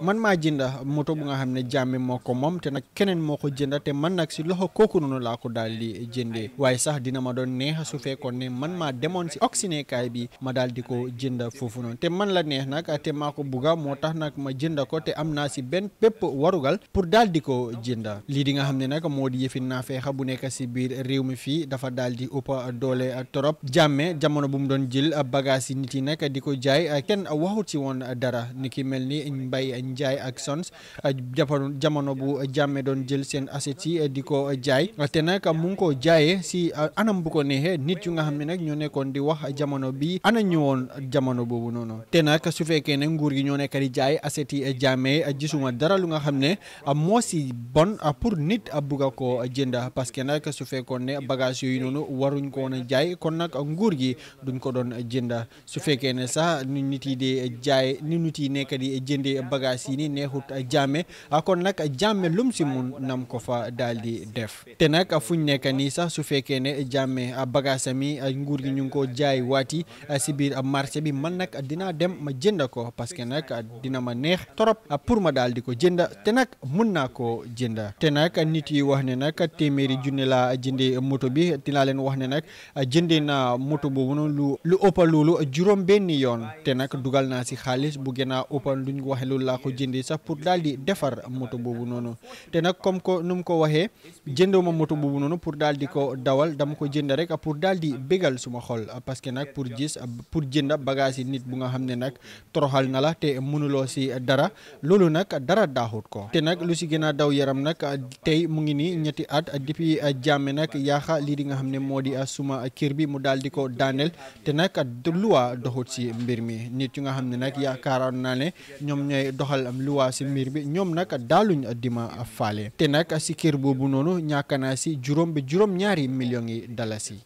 man maa jënda moto bu nga xam ne jàmme moo ko moom te nag keneen moo ko jënda te man nag si loxo kooku noonu laa ko daal di jëndee waaye sax dina ma doon neex su fekkoon ne man maa demoon si oxinekaay bi ma daal ko jënda foofu noonu te man la neex nag te maa ko bugga moo tax nag ma jënda ko te am naa si benn pépp warugal pour daal di ko jënda lii di nga xam ne nag moo di yëfin naa feexa bu nekk si biir réew mi fii dafa daal di ëppa doole torop jàmme jamono bu mu doon jël bagage yi nit yi nag di ko jaay kenn waxut si woon dara ni ki mel ni mbay njaay ak Sons euh, jàppoon jamono bu jàmme doon jël seen assets yi euh, di ko jaay te nag mu ngi koo jaayee si euh, anam bu ko neexee nit yu nga xam ne nag ñoo nekkoon di wax jamono bi ana ñëwoon jamono boobu noonu te nag su fekkee ne nguur gi ñoo nekk di jaay asset yi a gisuma dara lu nga xam ne moo si bon pour nit a a ko jënda parce que nag su fekkoon ne bagage yooyu noonu waruñ ko woon a jaay kon nag nguur gi duñ ko doon jënda su fekkee ne sax Yacine neexut Jammeh kon nag jàmme lum si mun nam ko fa daal di def te nag fuñ nekk nii sax su fekkee ne a bagage mi nguur gi ñu ngi ko jaay waati si biir marché bi man nag dinaa dem ma jënd ko parce que nag dina ma neex trop pour ma daal di ko jënd te nag mun naa ko jënd te nag nit yi wax ne nag téeméeri junne laa jëndee moto bi dinaa leen wax ne nag jëndee naa moto boobu noonu lu lu ëpp loolu juróom benni yoon te nag dugal naa bu gën ko sa sax pour defar moto bubu nono te nak comme ko num ko ko waxee mo moto bubu nono pour daldi ko dawal dam ko jënd rek pour daldi begal suma xol parce que nak pour gis pour bagage nit bu nga xamne nak na la te munulo ci dara lolu nak dara dahut ko te nak lu ci gina daw yaram nak tay mu ngi ni ñetti at depuis nak ya kha li di nga xamne modi suma kër bi mu daldi ko danel te nag luwa doxut si mbir mi nit yu nga xamne ne nag yaakaaroon toxal am luwaa si miir bi ñoom nag daaluñ dima faale te nag si kër boobu noonu ñàkk naa si juróom bi juróom ñaari millions yi dalasi